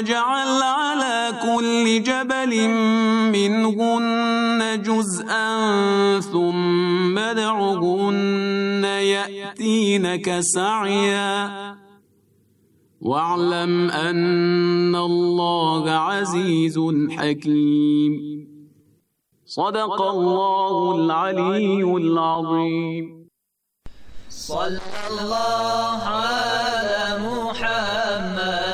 نجعل على كل جبل منهن جزءا ثم ادعهن يأتينك سعيا واعلم أن الله عزيز حكيم صدق الله العلي العظيم صلى الله على محمد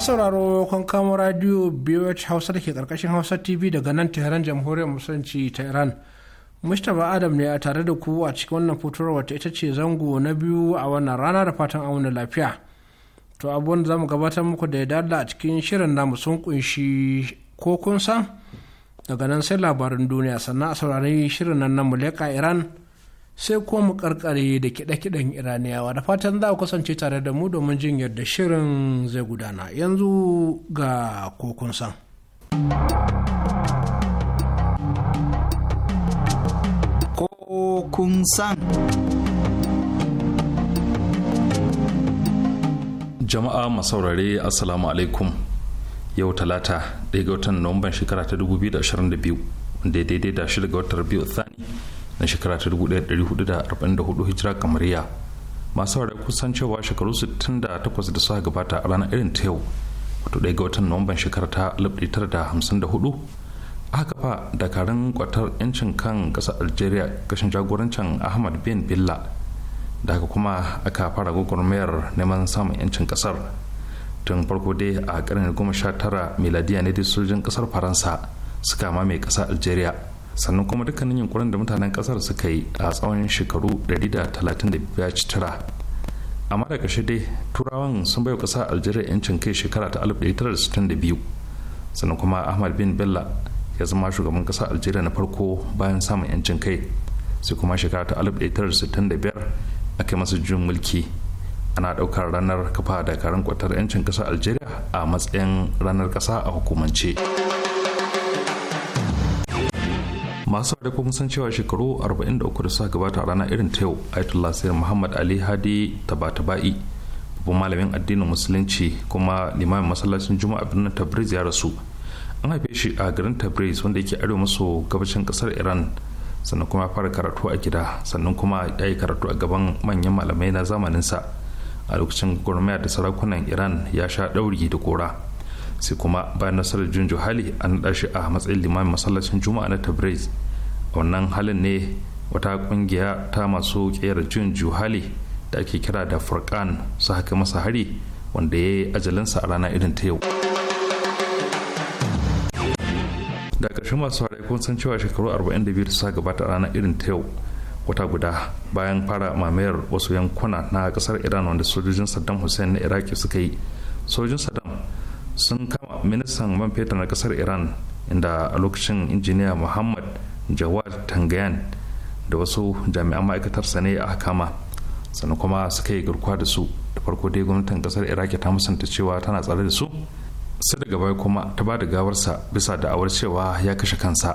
sauraro kan kamo radio BOH Hausa da ke karkashin Hausa TV daga nan Tehran Jamhuriyar Musulunci ta Iran. Mustapha Adam ne a tare da ku a cikin wannan fitowar wata ita ce zango na biyu a wannan rana da fatan auna lafiya. To abubuwan za mu gabatar muku da ya dala a cikin shirin namu sun kunshi ko kun san daga nan sai labarin duniya sannan a saurari shirin nan na muleka Iran. sai kuma mu karkare da kiɗe-kiɗen iraniyawa da fatan za ku kasance tare da mu domin jin yadda shirin zai gudana yanzu ga kokun san kokun san jama'a masaurare assalamu alaikum yau talata ɗaya ga watan nomban shekara ta 2022 daidai da shi daga watan biyu tsani na shekara ta 1444 hijira kamariya masu ware kusan cewa shekaru sittin da da suka gabata a ranar irin ta yau wato ɗaya ga watan nuwamban shekara ta 1954 aka kafa dakarun kwatar 'yancin kan ƙasar algeria kashin jagorancin ahmad bin billa da haka kuma aka fara gwagwarmayar neman samun 'yancin ƙasar tun farko dai a ƙarni tara miladiya ne da sojin ƙasar faransa suka mame kasar algeria sannan kuma dukkanin yunkurin da mutanen kasar suka yi a tsawon shekaru 135 ci tara amma da dai turawan sun bai ƙasa algeria yancin kai shekara ta 1962 sannan kuma ahmad bin bella ya zama shugaban ƙasar algeria na farko bayan samun yancin kai sai kuma shekara ta 1965 aka masa juyin mulki ana ɗaukar ranar kafa da karin kwatar yancin ƙasar algeria a matsayin ranar ƙasa a hukumance. masu da kuma san cewa shekaru 43 da suka gabata a ranar irin ta yau ayatollah sayar muhammad ali hadi tabatabai babban malamin addinin musulunci kuma limamin masallacin juma'a birnin tabriz ya rasu an haife shi a garin tabriz wanda yake arewa maso gabashin kasar iran sannan kuma fara karatu a gida sannan kuma ya yi karatu a gaban manyan malamai na zamaninsa a lokacin gwamnati da sarakunan iran ya sha ɗauri da kora sai kuma bayan nasarar jun hali an naɗa shi a matsayin limamin masallacin juma'a na tabriz wannan halin ne wata kungiya ta masu kera jin juhali da ake kira da furkan su haka masa hari wanda ya yi ajalinsa a rana irin ta yau da ƙarshen masu harai kun san cewa shekaru 42 da gabata rana irin ta yau wata guda bayan fara mamayar wasu yankuna na ƙasar iran wanda sojojin saddam hussein na iraki suka yi sojojin saddam sun kama ministan man fetur na ƙasar iran inda a lokacin injiniya muhammad jawad tangayan da wasu jami'an ma'aikatar ne a kama sannan kuma suka yi garkuwa da su da farko dai gwamnatin kasar iraki ta musanta cewa tana tsare da su sai daga baya kuma ta ba da gawarsa bisa da awar cewa ya kashe kansa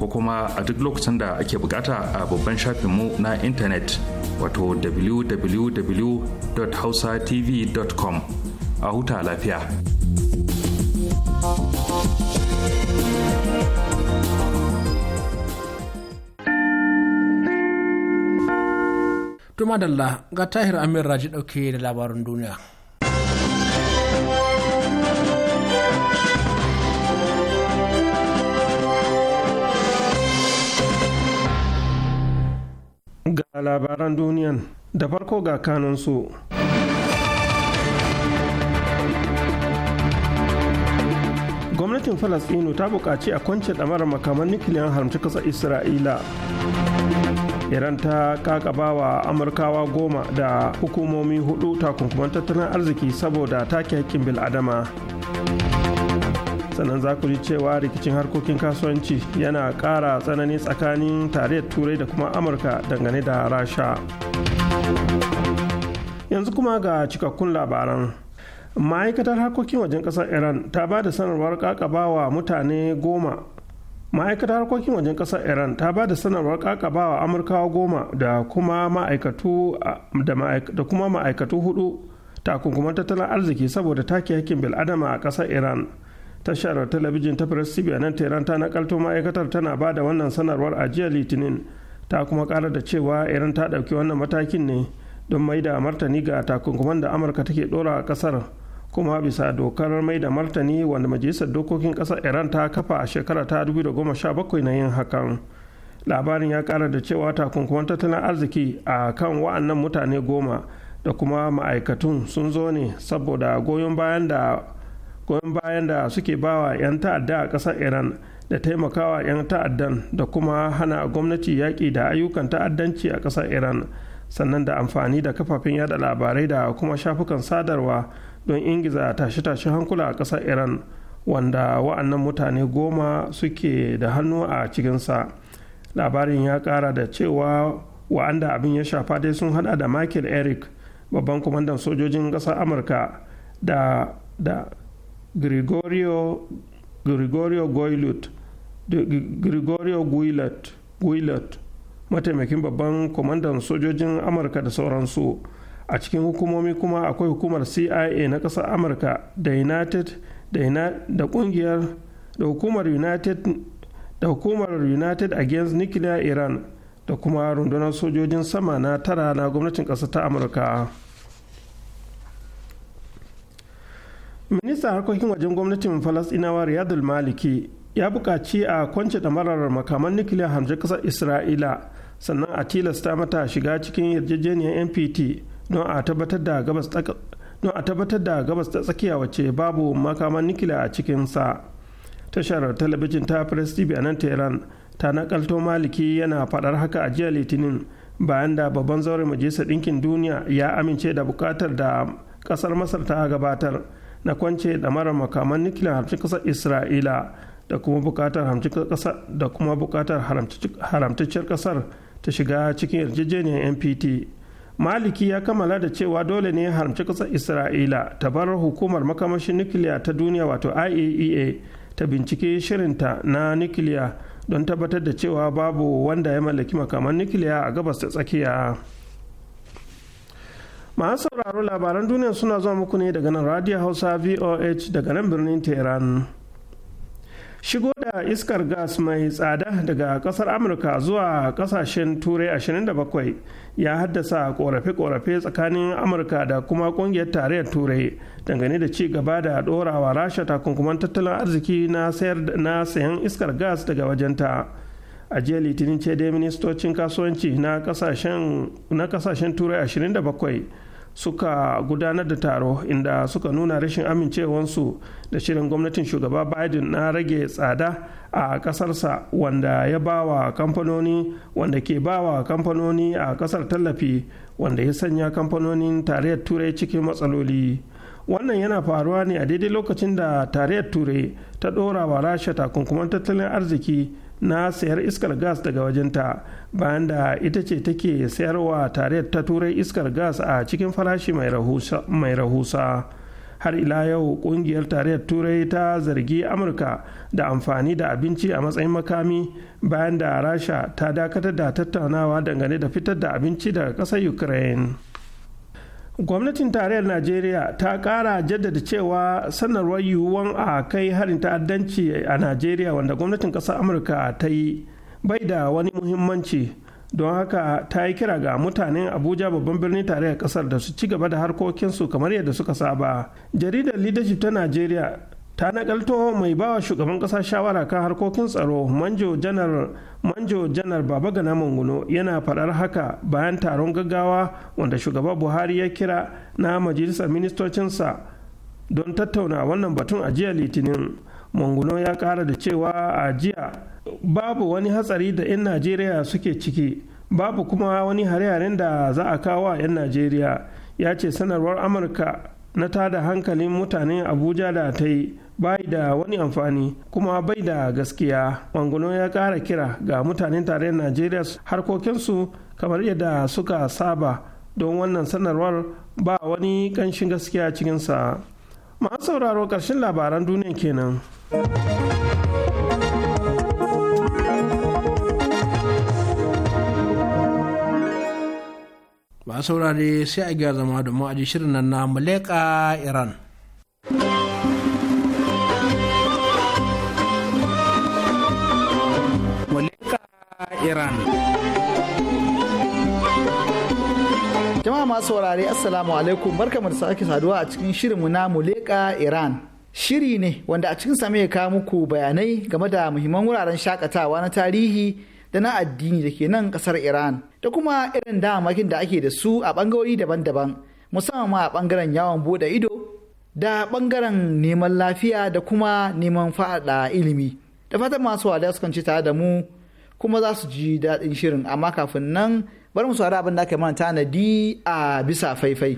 ko kuma a duk lokacin da ake bukata a babban shafinmu na intanet wato www.hausatv.com a huta lafiya. Tuma ga Tahir Amir Raji ɗauke da labarin duniya. ga labaran duniyan da farko ga kanunsu. gwamnatin falasɗinu ta buƙaci a kwance ɗamarar makaman nukiliyar haramci ƙasar isra'ila iran ta kakaba wa amurkawa goma da hukumomi hudu takunkuman tattalin arziki saboda take haƙƙin bil'adama sannan za ku ji cewa rikicin harkokin kasuwanci yana ƙara tsanani tsakanin tarayyar turai da kuma amurka dangane da rasha yanzu kuma ga cikakkun labaran ma'aikatar harkokin wajen ƙasar iran ta ba da sanarwar ƙaƙabawa mutane goma ma'aikatar harkokin wajen ƙasar iran ta ba da sanarwar ƙaƙabawa amurkawa goma da kuma ma'aikatu hudu takunkuman tattalin arziki saboda take hakkin bil'adama a ƙasar iran tashar talabijin ta press tv a nan tehran ta nakalto ma'aikatar tana ba da wannan sanarwar a jiya litinin ta kuma kara da cewa iran ta ɗauki wannan matakin ne don mai da martani ga takunkuman da amurka take dora a kasar kuma bisa dokar mai da martani wanda majalisar dokokin kasar iran ta kafa a shekara ta 2017 na yin hakan labarin ya kara da cewa takunkuman tattalin arziki a kan wa'annan mutane goma da kuma ma'aikatun sun zo ne saboda goyon bayan da goyon bayan da suke bawa 'yan ta'adda a ƙasar iran da taimakawa 'yan ta'addan da kuma hana gwamnati yaƙi da ayyukan ta'addanci a ƙasar iran sannan da amfani da kafafen yada labarai da kuma shafukan sadarwa don ingiza tashe-tashen hankula a ƙasar iran wanda wa'annan mutane goma suke da hannu a cikinsa labarin ya ƙara da cewa wa'anda abin ya shafa dai sun hada da michael eric babban kwamandan sojojin ƙasar amurka da gregorio gregorio Goylut gregorio guilot mataimakin babban kwamandan sojojin amurka da sauransu a cikin hukumomi kuma akwai hukumar cia na ƙasar amurka da united da kungiyar da hukumar united da hukumar united against nuclear iran da kuma rundunar sojojin sama na tara na gwamnatin ƙasar ta amurka ministan harkokin wajen gwamnatin falasɗinawa riyadul maliki ya bukaci a kwance ɗamarar makaman nukiliya hamshe kasar isra'ila sannan a tilasta mata shiga cikin yarjejeniyar npt don a tabbatar da gabas a ta tsakiya wace babu makaman nukiliya a cikinsa tashar talabijin ta press tv a nan tehran ta nakalto maliki yana faɗar haka a jiya litinin bayan da babban zaure majalisar ɗinkin duniya ya amince da buƙatar da ƙasar masar ta gabatar na kwance ɗamarar makaman nukiliyar hamshin ƙasar isra'ila da kuma buƙatar haramtacciyar ƙasar ta shiga cikin yarjejeniyar npt maliki ya kammala da cewa dole ne haramci ƙasar isra'ila ta bar hukumar makamashin nukiliya ta duniya wato iaea e ta bincike shirinta na nukiliya don tabbatar da cewa babu wanda ya mallaki makaman nukiliya a gabas ta tsakiya. masu sauraro labaran duniya suna zuwa muku ne daga nan radio hausa voh daga nan birnin tehran shigo da iskar gas mai tsada daga kasar amurka zuwa kasashen turai 27 ya haddasa korafe-korafe tsakanin amurka da kuma kungiyar tarayyar turai dangane da ci gaba da dorawa rasha takunkuman tattalin arziki na sayan iskar gas daga wajenta a jiya litinin ce dai ministocin kasuwanci na kasashen turai 27 suka gudanar da taro inda suka nuna rashin amincewansu da shirin gwamnatin shugaba biden na rage tsada a kasarsa wanda ya bawa kamfanoni wanda ke bawa kamfanoni a kasar tallafi wanda ya sanya kamfanonin tarayyar turai cikin matsaloli wannan yana faruwa ne a daidai lokacin da tarayyar turai ta ɗora wa rasha takunkuman tattalin arziki na sayar iskar gas daga wajenta bayan da ita ce take sayarwa tare ta turai iskar gas a cikin farashi mai rahusa har ila yau kungiyar tarayyar turai ta zargi amurka da amfani da abinci a matsayin makami bayan da rasha ta dakatar da tattaunawa dangane da fitar da abinci daga ƙasar ukraine gwamnatin tarayyar najeriya ta kara jaddada cewa sanarwar yiwuwan a kai harin ta'addanci a najeriya wanda gwamnatin ƙasar amurka ta yi bai da wani muhimmanci don haka ta yi kira ga mutanen abuja babban birnin tarayyar ƙasar da su ci gaba da harkokinsu kamar yadda suka saba jaridar leadership ta najeriya ta nakalto mai bawa shugaban kasa shawara kan harkokin tsaro manjo janar manjo janar baba gana manguno yana faɗar haka bayan taron gaggawa wanda shugaba buhari ya kira na majalisar ministocinsa don tattauna wannan batun a jiya litinin manguno ya ƙara da cewa a jiya babu wani hatsari da 'yan najeriya suke ciki babu kuma wani hare-haren da za a kawo a 'yan najeriya ya ce sanarwar amurka na tada hankalin mutanen abuja da ta yi bai da wani amfani kuma bai da gaskiya wangono ya kara kira ga mutanen tarayyar najeriya harkokinsu kamar yadda suka saba don wannan sanarwar ba wani kanshin gaskiya cikinsa masu sauraro karshen labaran duniya kenan. ba saurare sai a gyara zama da maaji shirin nan na maleka iran iran jama'a masu saurare assalamu alaikum barkamu da sake saduwa a cikin mu na muleka iran shiri ne wanda a cikin same ya kawo muku bayanai game da muhimman wuraren shakatawa na tarihi da na addini da ke nan kasar iran da kuma irin damakin da ake da su a bangarori daban-daban musamman ma a bangaren yawon bude ido da bangaren neman lafiya da kuma neman fada ilimi da fatan masu wale su tare da mu kuma za su ji daɗin shirin amma kafin nan bari mu saurari abin da aka mana tanadi a bisa faifai.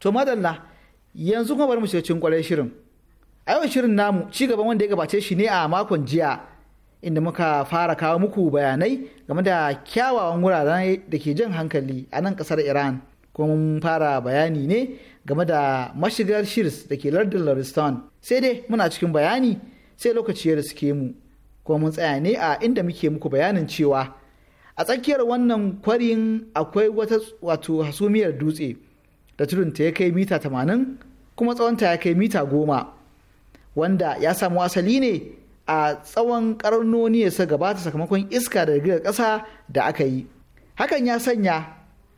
To madalla yanzu kuma bari mu shiga kwarai shirin. A yau shirin namu ci gaban wanda ya gabace shi ne a makon jiya inda muka fara kawo muku bayanai game da kyawawan wuraren da ke jan hankali a nan kasar iran kuma mun fara bayani ne game da mashigar shirs da ke lardin Lauriston. sai dai muna cikin bayani sai lokaci ya suke mu kuma mun tsaya ne a inda muke muku bayanin cewa a tsakiyar wannan kwarin akwai wata wato hasumiyar dutse da tudunta ya kai mita 80 kuma tsawonta ya kai mita 10 wanda ya samu asali ne a tsawon karnoni ya sa gabata sakamakon iska da girgizar ƙasa da aka yi hakan ya sanya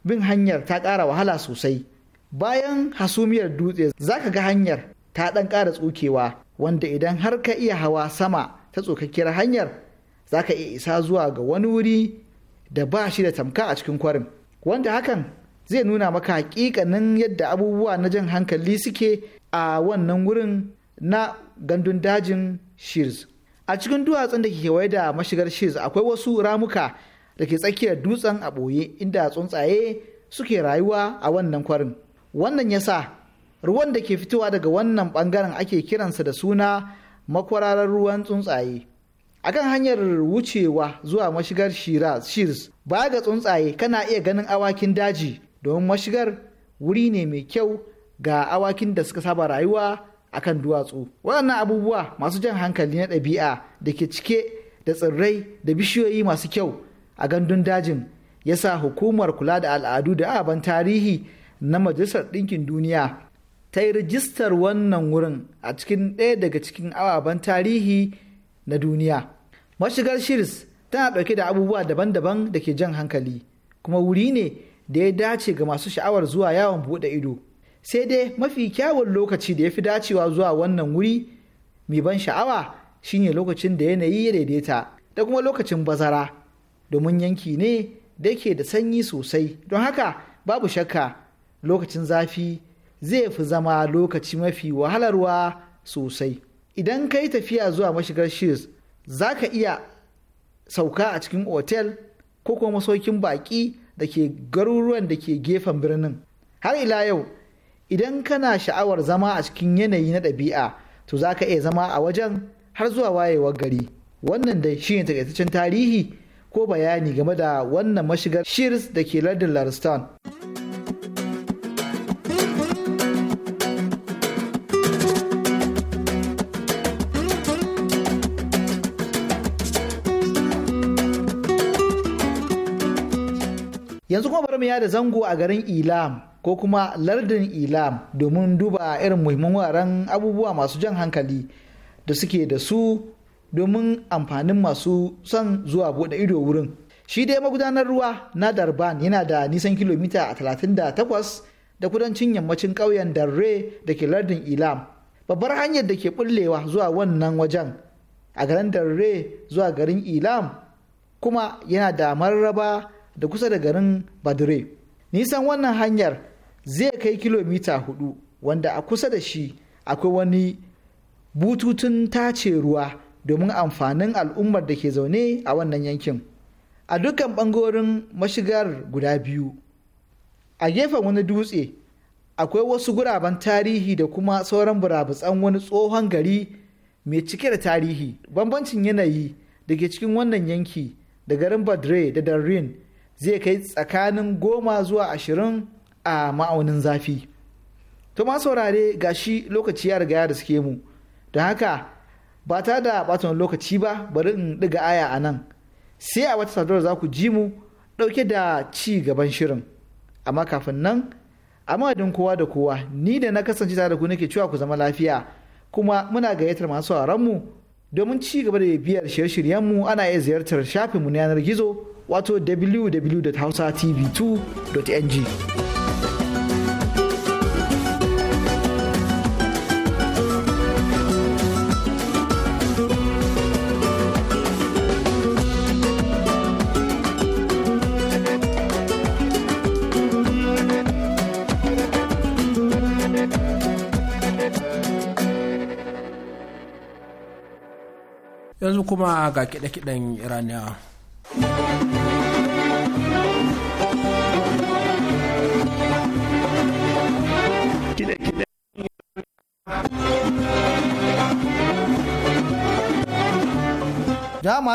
bin hanyar ta ƙara wahala sosai bayan hasumiyar dutse za ka ga hanyar ta ɗan ƙara tsukewa wanda idan har ka iya hawa sama ta tsokakkiyar hanyar za ka iya isa zuwa ga wani wuri da ba shi da tamka a cikin kwarin wanda hakan zai nuna maka hakikanin yadda abubuwa na jan hankali suke a wannan wurin na gandun dajin shears a cikin duwatsun da ke kewaye da mashigar shiz akwai wasu ramuka da ke tsakiyar dutsen a ɓoye inda tsuntsaye suke rayuwa a wannan kwarin wannan ya sa ruwan da ke fitowa daga wannan ɓangaren ake kiransa da suna makwararar ruwan tsuntsaye akan hanyar wucewa zuwa mashigar shirs baya ga tsuntsaye kana iya ganin awakin daji domin mashigar wuri ne mai kyau ga awakin da suka saba rayuwa akan duwatsu waɗannan abubuwa masu jan hankali na ɗabi'a da ke cike da tsirrai da bishiyoyi masu kyau a gandun dajin ya sa hukumar kula da al'adu da aban tarihi na majalisar ɗinkin duniya ta yi rijistar wannan wurin a cikin ɗaya daga cikin ababen tarihi na duniya mashigar shirs tana ɗauke da abubuwa daban-daban da ke jan hankali kuma wuri ne da ya dace ga masu sha'awar zuwa yawon buɗe ido sai dai mafi kyawun lokaci da ya fi dacewa zuwa wannan wuri mai ban sha'awa shine lokacin da yanayi ya daidaita da kuma lokacin bazara domin yanki ne da ke da sanyi sosai don haka babu shakka lokacin zafi zai fi zama lokaci mafi wahalarwa sosai idan ka yi tafiya zuwa mashigar shiz za ka iya sauka a cikin otel ko kuma masaukin baƙi da ke garuruwan da ke gefen birnin har ila yau idan kana sha'awar zama a cikin yanayi na ɗabi'a to za ka iya zama a wajen har zuwa wayewar gari wannan da shi ne takaitaccen tarihi ko bayani game da wannan mashigar shears da ke lardin larston yanzu kuma bari mu yada zango a garin ilam ko kuma lardin ilam domin duba irin muhimman wuraren abubuwa masu jan hankali da suke da su domin amfanin masu son zuwa buɗe ido wurin shi dai magudanar ruwa na darban yana da nisan kilomita 38 da kudancin yammacin ƙauyen darre da ke lardin ilam babbar hanyar da ke bullewa zuwa wannan wajen a garin darre zuwa garin ilam kuma yana da mararraba da kusa da garin badire nisan wannan hanyar zai kai kilomita hudu wanda a kusa da shi akwai wani bututun tace ruwa domin amfanin al'ummar da ke zaune a wannan yankin a dukkan bangorin mashigar guda biyu a gefen wani dutse akwai wasu guraben tarihi da kuma sauran burabutsan wani tsohon gari mai cike da tarihi bambancin yanayi da ke cikin wannan yanki da garin badre da darin zai kai tsakanin goma zuwa ashirin a ma'aunin zafi to ma saurare shi lokaci ya riga ya da suke mu don haka ba ta da ɓatan lokaci ba bari in ɗiga aya a nan sai a wata sadar za ku ji mu ɗauke da ci gaban shirin amma kafin nan a madadin kowa da kowa ni da na kasance tare da ku nake cewa ku zama lafiya kuma muna gayyatar masu mu domin ci gaba da biyar shirye shiryen mu ana iya ziyartar shafinmu na yanar gizo wato www.hausatv2.ng yanzu kuma ga kiɗe-kiɗen iraniya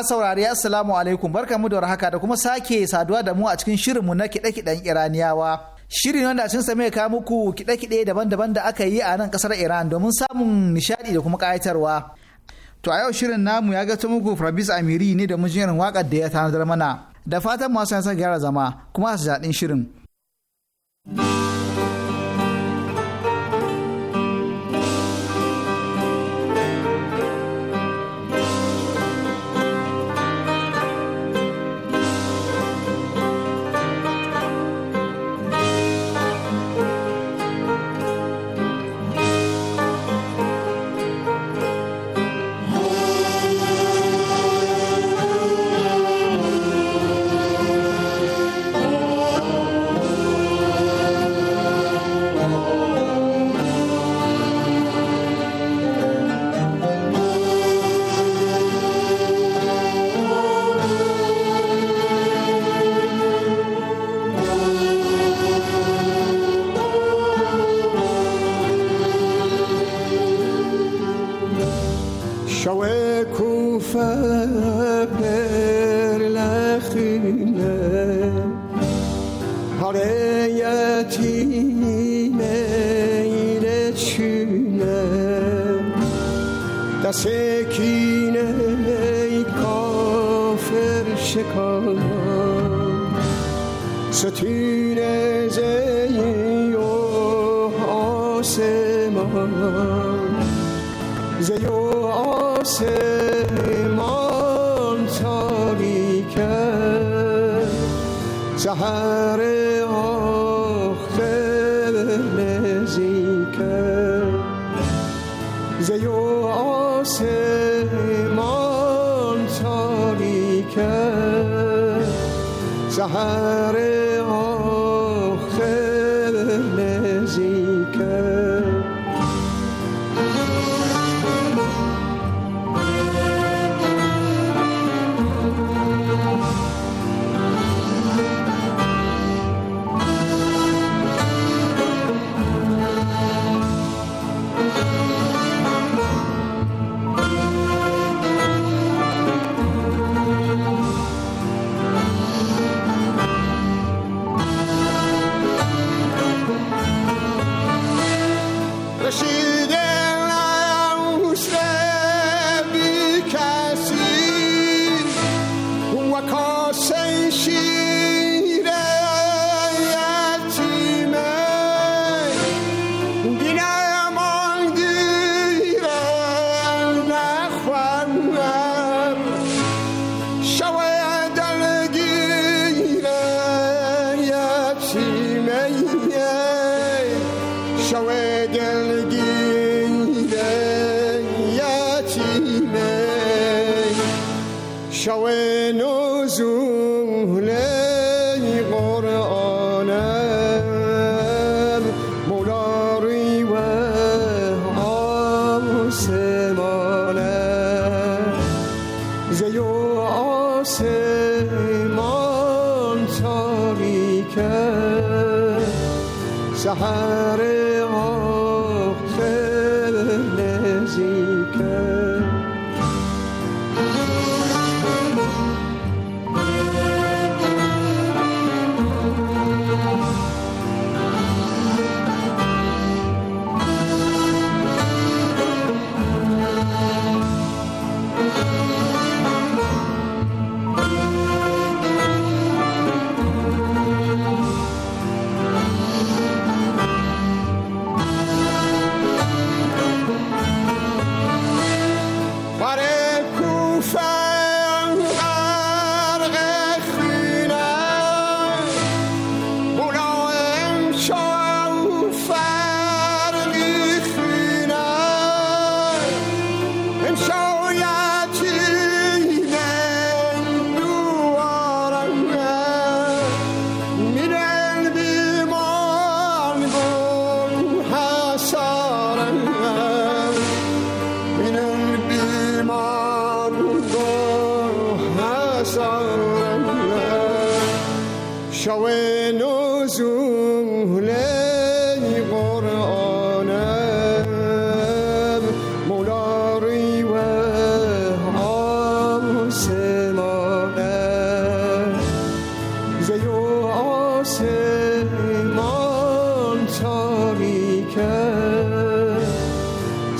saurari assalamu alaikum barkamu da haka da kuma sake saduwa da mu a cikin shirin mu na kiɗe-kiɗen Iraniyawa. Shirin wanda cin sa mai kawo muku kiɗe-kiɗe daban-daban da aka yi a nan ƙasar Iran domin samun nishaɗi da kuma kayatarwa. To a yau shirin namu ya gato muku Rabis Amiri ne da mujiyar wakar da ya tanadar mana. Da fatan masu yasa gyara zama kuma su daɗin shirin. چینه دست کینه ای کافر شکانم ستین زی و آسمان زی و آسمان Herre وجوه لا قرآن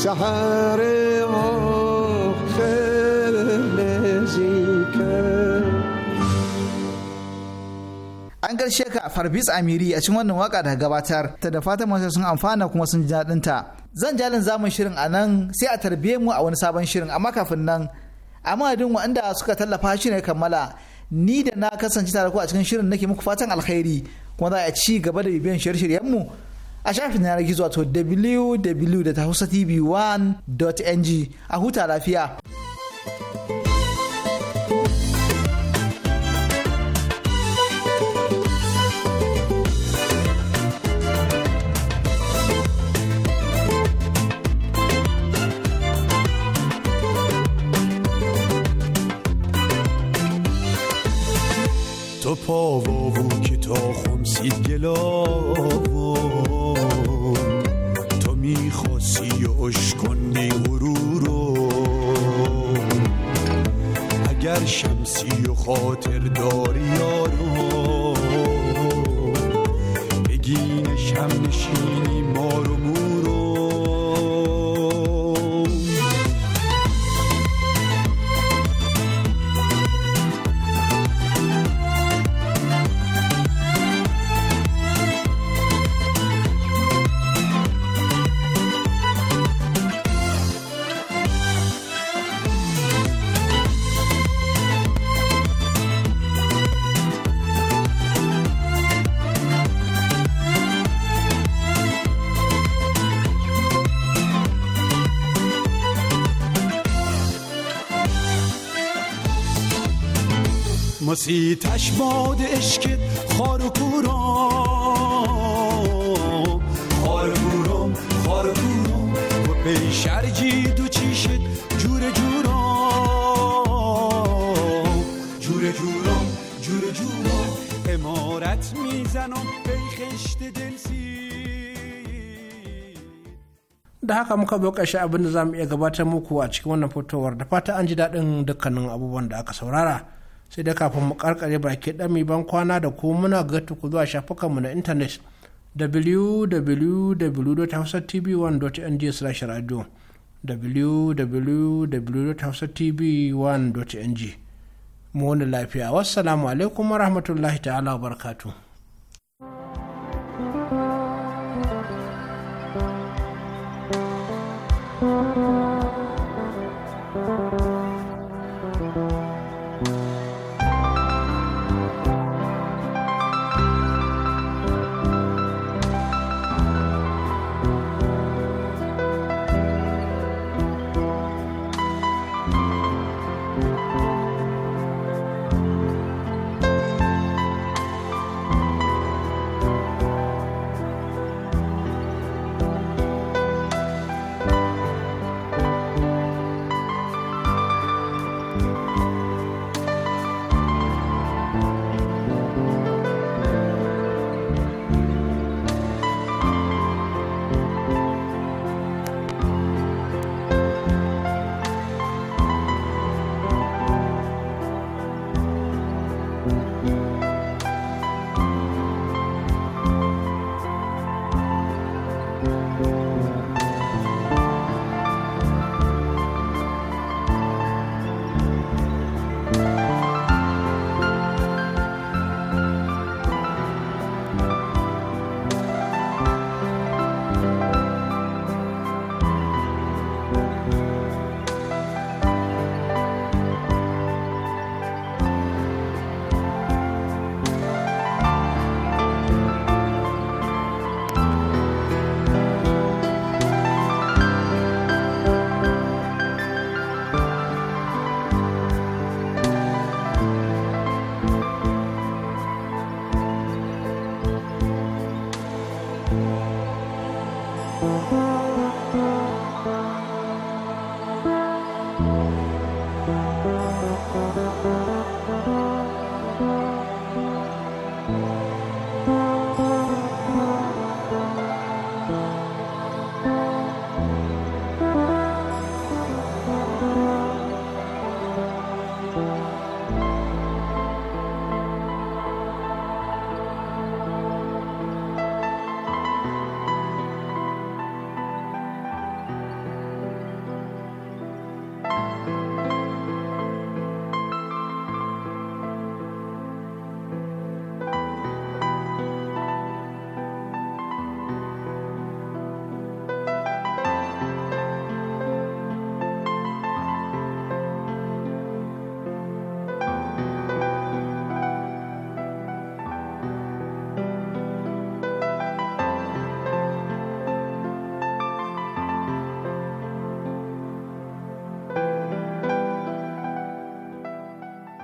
سحر آخر an karshe ka farbis amiri a cikin wannan waka da gabatar ta da fatan masu sun amfana kuma sun ji daɗin ta zan jalin zamun shirin a nan sai a tarbiye mu a wani sabon shirin amma kafin nan a madadin waɗanda suka tallafa shi ne kammala ni da na kasance tare ku a cikin shirin nake muku fatan alkhairi kuma za a ci gaba da bibiyan shirye-shiryen mu a shafin yanar gizo wato www.hausatv1.ng a huta lafiya. تو پا و که تا خمسید گلاب شمسی و خاطر داریا مسی تش باد عشق خار و کورم خار و کورم خار و کورم و دو چیشت جور جورم جور جورم جور جورم امارت میزنم خشت دل سی da haka muka bi ƙarshe abin da za mu iya gabatar muku a cikin wannan fitowar da fata an ji daɗin dukkanin abubuwan da aka saurara sai da kafin mu karkare baki dami ban kwana da ku muna ga ku zuwa shafukanmu na intanet www.hausatv1.ng/radio www.hausatv1.ng mu wani lafiya wassalamu alaikum warahmatullahi ta'ala wa barakatuh thank you